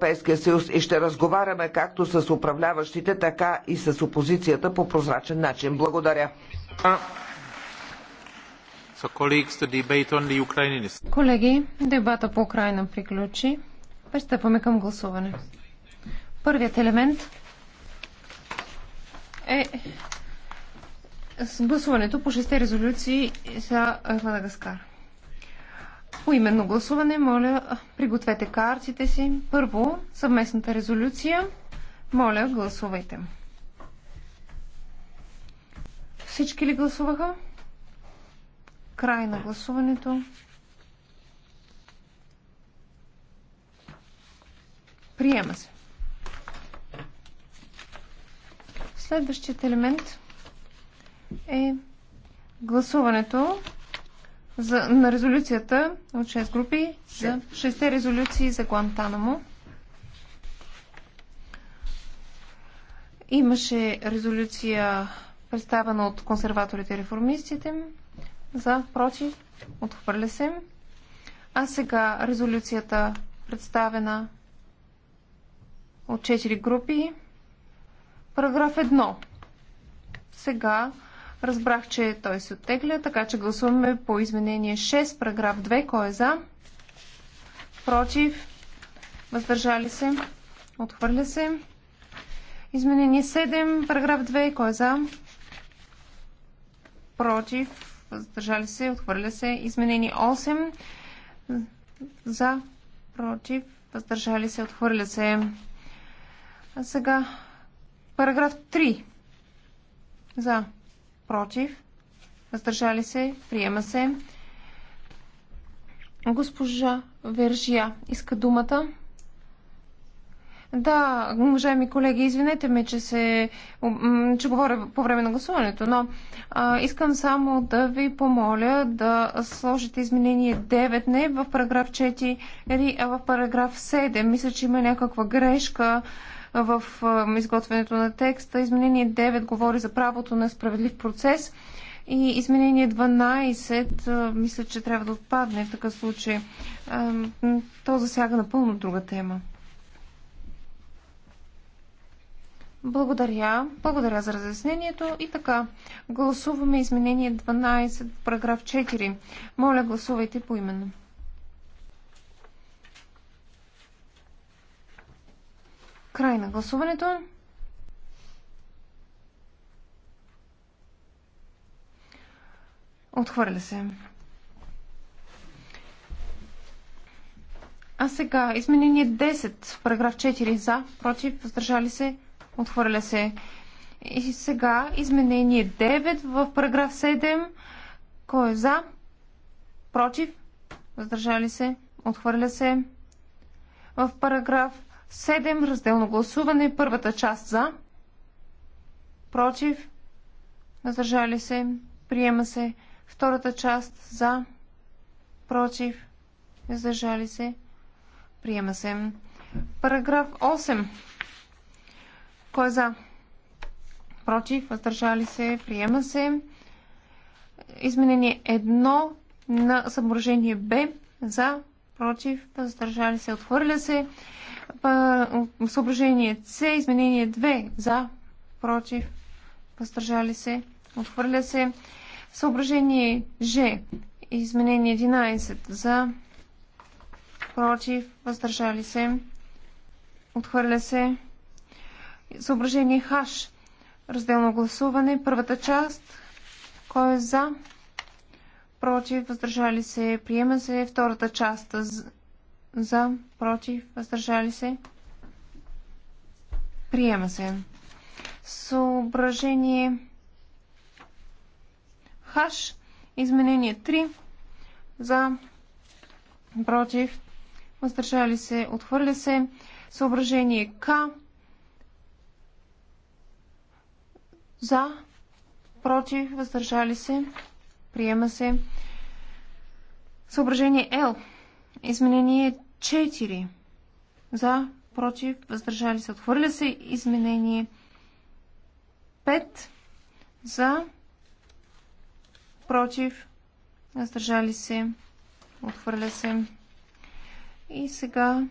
Европейския съюз и ще разговаряме както с управляващите, така и с опозицията по прозрачен начин. Благодаря. Колеги, дебата по Украина приключи. Пристъпваме към гласуване. Първият елемент е с гласуването по шесте резолюции за Мадагаскар. По именно гласуване, моля, пригответе картите си. Първо, съвместната резолюция. Моля, гласувайте. Всички ли гласуваха? Край на гласуването. Приема се. Следващият елемент е гласуването за, на резолюцията от 6 групи за 6 резолюции за Гуантанамо. Имаше резолюция представена от консерваторите и реформистите за против, отхвърля се. А сега резолюцията представена от 4 групи. Параграф 1. Сега Разбрах, че той се оттегля, така че гласуваме по изменение 6, параграф 2. Кой е за? Против? Въздържали се? Отхвърля се. Изменение 7, параграф 2. Кой е за? Против? Въздържали се? Отхвърля се. Изменение 8. За? Против? Въздържали се? Отхвърля се. А сега параграф 3. За? против, въздържали се, приема се. Госпожа Вержия иска думата. Да, уважаеми колеги, извинете ме, че, се, че говоря по време на гласуването, но а, искам само да ви помоля да сложите изменение 9, не в параграф 4, а в параграф 7. Мисля, че има някаква грешка в изготвянето на текста. Изменение 9 говори за правото на справедлив процес и изменение 12 мисля, че трябва да отпадне в такъв случай. То засяга напълно друга тема. Благодаря. Благодаря за разяснението. И така, гласуваме изменение 12 в параграф 4. Моля, гласувайте поименно. Край на гласуването. Отхвърля се. А сега, изменение 10 в параграф 4 за, против, въздържали се, отхвърля се. И сега, изменение 9 в параграф 7. Кой е за? Против, въздържали се, отхвърля се. В параграф 7. Разделно гласуване. Първата част за. Против. Въздържали се. Приема се. Втората част за. Против. Въздържали се. Приема се. Параграф 8. Кой е за? Против. Въздържали се. Приема се. Изменение 1 на съображение Б. За. Против. Въздържали се. Отхвърля се. Съображение С, изменение 2 за, против, въздържали се, отхвърля се. Съображение Ж, изменение 11 за, против, въздържали се, отхвърля се. Съображение Х, разделно гласуване, първата част, кой е за, против, въздържали се, приема се втората част за, против, въздържали се. Приема се. Съображение Хаш. Изменение 3. За, против, въздържали се, отхвърля се. Съображение К. За, против, въздържали се, приема се. Съображение Л. Изменение 4. За, против, въздържали се. Отхвърля се. Изменение 5. За, против, въздържали се. Отхвърля се. И сега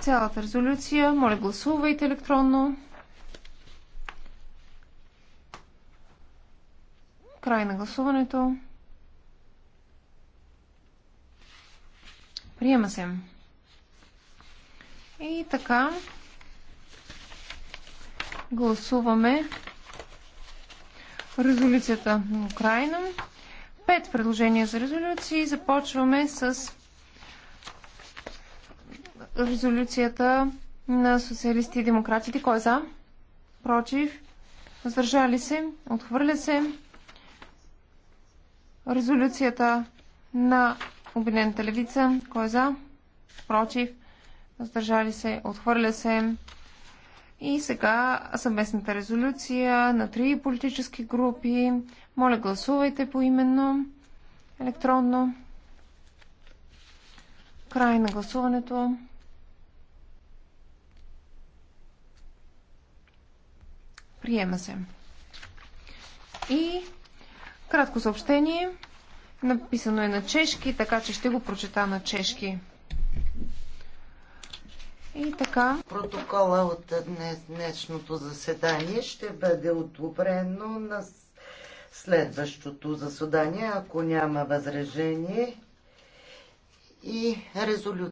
цялата резолюция. Моля, гласувайте електронно. Край на гласуването. Приема се. И така. Гласуваме резолюцията на Украина. Пет предложения за резолюции. Започваме с резолюцията на социалисти и демократите. Кой е за? Против? Въздържали се? Отхвърля се? Резолюцията на Обединената левица. Кой е за? Против. Сдържали се. Отхвърля се. И сега съвместната резолюция на три политически групи. Моля, гласувайте поименно, електронно. Край на гласуването. Приема се. И кратко съобщение. Написано е на чешки, така че ще го прочета на чешки. И така. Протокола от днес, днешното заседание ще бъде одобрено на следващото заседание, ако няма възражение и резолюция.